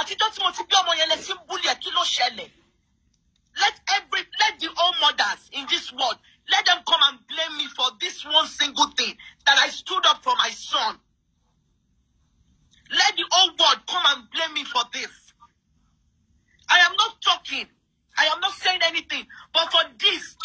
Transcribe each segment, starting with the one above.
àtijọ́ tí mo ti bí ọmọ yẹn lẹ sí búlì kí ló ṣẹlẹ̀ let every let the old mothers in this world let them come and blame me for this one single thing that I stood up for my son let the old world come and blame me for this I am not talking I am not saying anything but for this.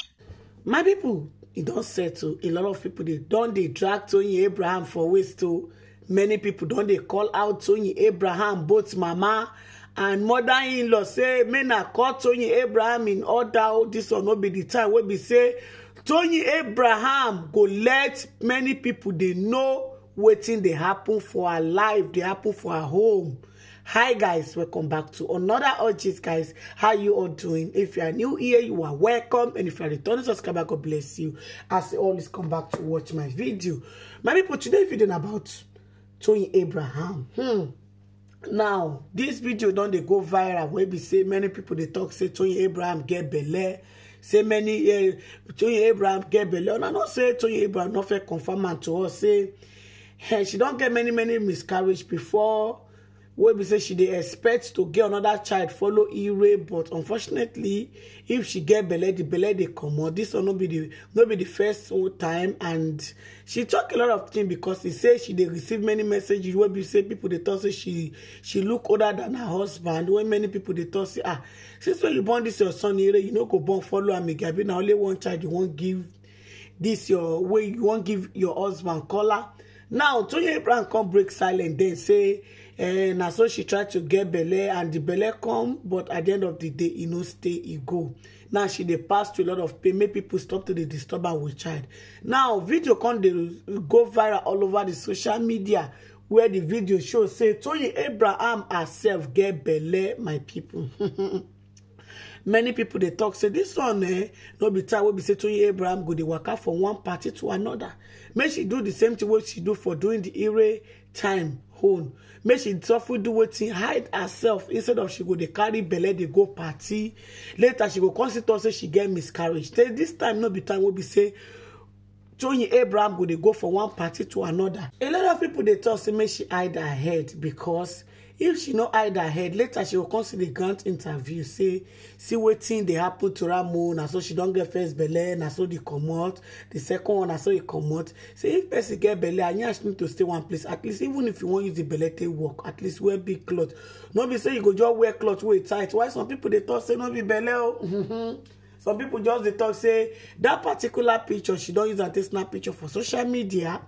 my people e don settle a lot of people dey don dey drag Toyin Abraham for waist o many people don dey call out toyin abraham both mama and mother-in-law say make na call toyin abraham in order oh, this one no be the time wey be say toyin abraham go let many people dey know wetin dey happen for her life dey happen for her home hi guys welcome back to another urges guys how you all doing if you are new here you are welcome and if you are returning subscriber god bless you as always come back to watch my video my people today video na about Toyin Abraham. Hmm. Now, this video don dey go viral wey be say many people dey talk say Toyin Abraham get belle. Say many uh, eh, Toyin Abraham get belle. Una no say Toyin Abraham no fit confirm am to us say hey, eh, she don get many many miscarriage before wey be say she dey expect to get another child follow ire but unfortunately if she get belle di belle dey comot dis one no be the no be the first time and she talk a lot of things because she say she dey receive many messages wey be say people dey talk say she she look older than her husband wey many people dey talk say ah since when you born this your son ire you no go born follow am again na only one child you wan give this your wey you wan give your husband collar now Tony Abraham come break silent then say eh, na so she try to get belle and the belle come but at the end of the day e no stay e go now she dey pass through a lot of pain make people stop to dey disturb her with child now video come dey go viral all over the social media where the video show say Tony Abraham herself get belle my people many people they talk say this one eh no be time wey be say tony abraham go dey out from one party to another. May she do the same thing what she do for doing the ere time own may she suffer do what she hide herself instead of she go dey carry belle dey go party later she go consider say she get miscarriage This time no be time wey be say Tony abraham go dey go from one party to another. a lot of people they talk say may she hide her head becos if she no hide her head later she go come see the grant interview say see wetin dey happen to ramo na so she don get first belle na so the comot the second one na so e comot say if person get belle and yansh need to stay one place at least even if you wan use the belle take work at least wear big cloth no be say you go just wear cloth wey e tight why some people dey talk say no be belle o. some people just dey talk say that particular picture she don use am take snap picture for social media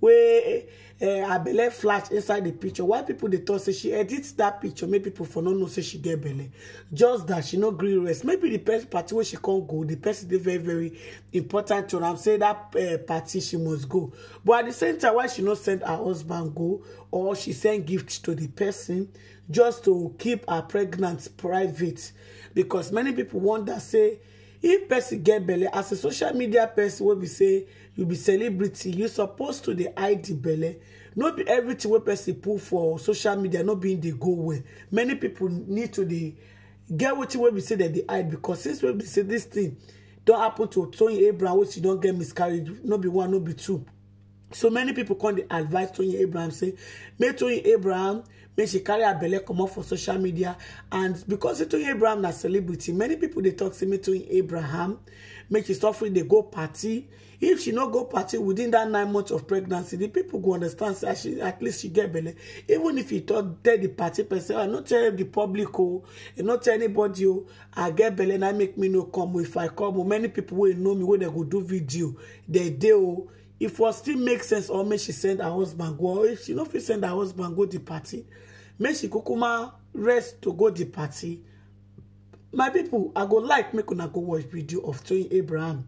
wey her eh, eh, belle flash inside the picture why people dey talk say she edit that picture make people for no know say she get belle just that she no gree rest maybe di party wey she can't go The person dey very very important to am say dat party she must go but at the same time why she no send her husband go or she send gift to the person just to keep her pregnant private because many people wonder say if person get belle as a social media person wey be say you be celebrity you suppose to dey hide di belle no be everything wey person put for social media no be dey go well many people need to dey get wetin wey be say dem dey hide because since wey be say dis thing don happen to Tony abraham wey she don get miscarriage no be one no be two so many people call the advice tony abraham say make tony abraham make she carry a her come off for social media and because say tony abraham na celebrity many people they talk to me tony abraham make she stop free dey go party if she not go party within that nine months of pregnancy the people go understand say at least she get belle even if e talk tell the party person i not tell the public oh, i not tell anybody oh, i get and I make me no come oh, if i come oh. many people will know me when they go do video dey dey oh, if for still make sense or make she send her husband go or if she no fit send her husband go the party make she kukuma rest to go the party my people, i go like make una go watch video of toyin abraham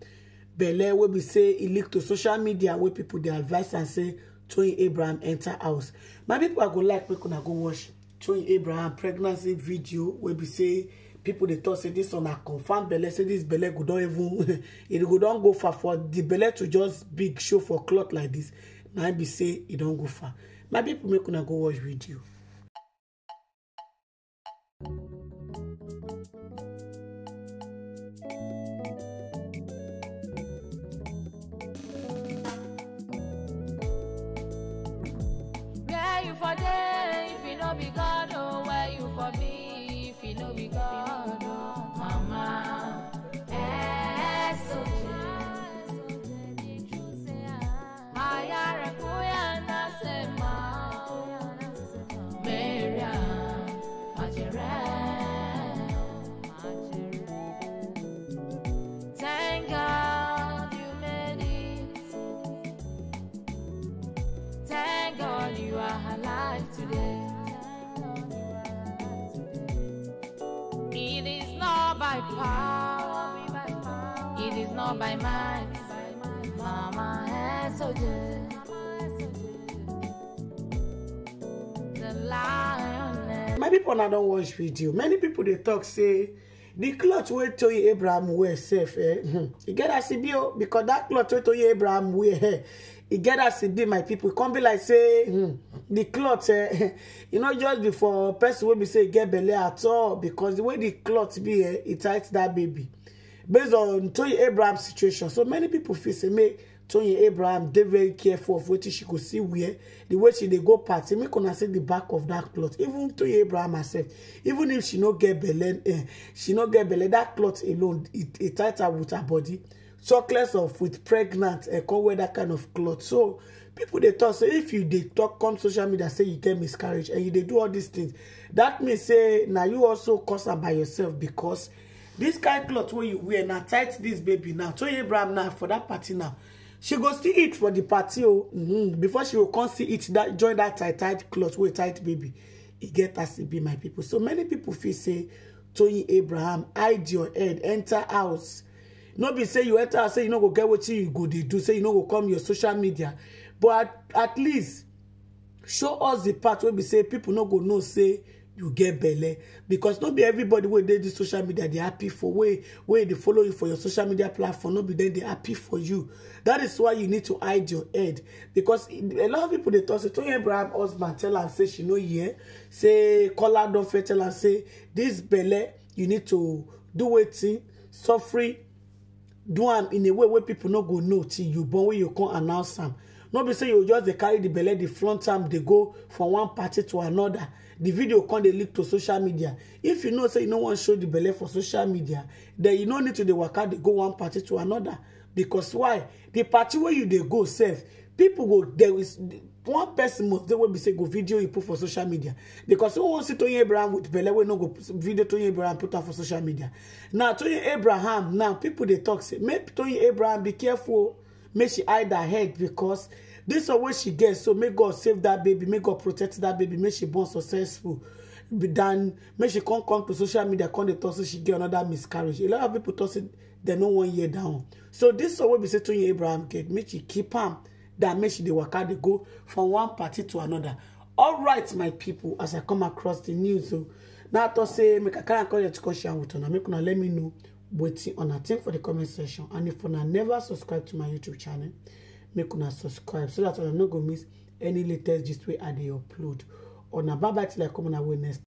belle wey be say e leak to social media wey people dey advise am say toyin abraham enter house my people, i go like make una go watch toyin abraham pregnancy video wey be say people they thought say this one na confam belle say this belle go not even it would not go far for the belle to just big show for cloth like this. na be say it e don't go far my people make una go watch video for there if you no be God. on by mind. Mama has so good. The lioness. My people now don't watch video. Many people they talk say the cloth wey Toyin Abraham wear safe. eh hmm, e get as e oh, because that cloth wey Toyin Abraham wear eh e get as e my people e come be like say hmm, the cloth eh e no just before person will be say e get belle at all because the way the cloth be eh e tight that baby based on Tony Abraham situation. So many people feel say make Toyin Abraham they very careful of wetin she go see where the way she they go party me una see the back of that cloth even Tony Abraham herself even if she not get belle eh, she not get belle that cloth alone it, e, it e tight her with her body talkless of with pregnant eh, come wear that kind of cloth so people they talk So if you dey talk come social media say you get miscarriage and you dey do all these things that means say now you also cause am by yourself because dis kain cloth where you wear now tight This baby now toye abraham now for that party now she go still eat for the party oh mm-hmm. before she will come see it. That join that tight tight cloth wey tight baby He get as to e be my people. so many people feel say Tony abraham hide your head enter house no be say you enter house say you no go get what you go dey do say you no go come your social media but at least show us the part where we say people no go know say you get belle because no be everybody wey dey dis social media dey happy for wey wey dey follow you for your social media platform no be dem dey happy for you that is why you need to hide your head because a lot of people dey talk say Toyin Abraham husband tell am say she no hear say Kola don fair tell am say this belle you need to do wetin suffering do am in a way wey people no go know till you born when you come announce am no be say you just dey carry the belle the front arm dey go from one party to another the video come dey leak to social media if you know say you no wan show the belle for social media then you no need to dey waka dey go one party to another because why the party wey you dey go sef people go there is one person must dey wey be say go video you put for social media because who wan see Toyin Abraham with belle wey no go video Tony Abraham put am for social media now Tony Abraham now people dey talk say make Tony Abraham be careful o oh make she hide her head because this one wey she get so make god save that baby make god protect that baby make she born successful than make she come come to social media come dey talk say she get another miscarriage a lot of people talk say dem no wan hear down so this son wey be say Toyin Abraham get make she keep am than make she dey waka dey go from one party to another alright my people as i come across the news o na i talk say make i carry am come here to come share with una make una let me know waiting on a thing for the comment section and if una never subscribe to my youtube channel make una subscribe so that una no go miss any latest gist way i dey upload una bye bye till i come una wey next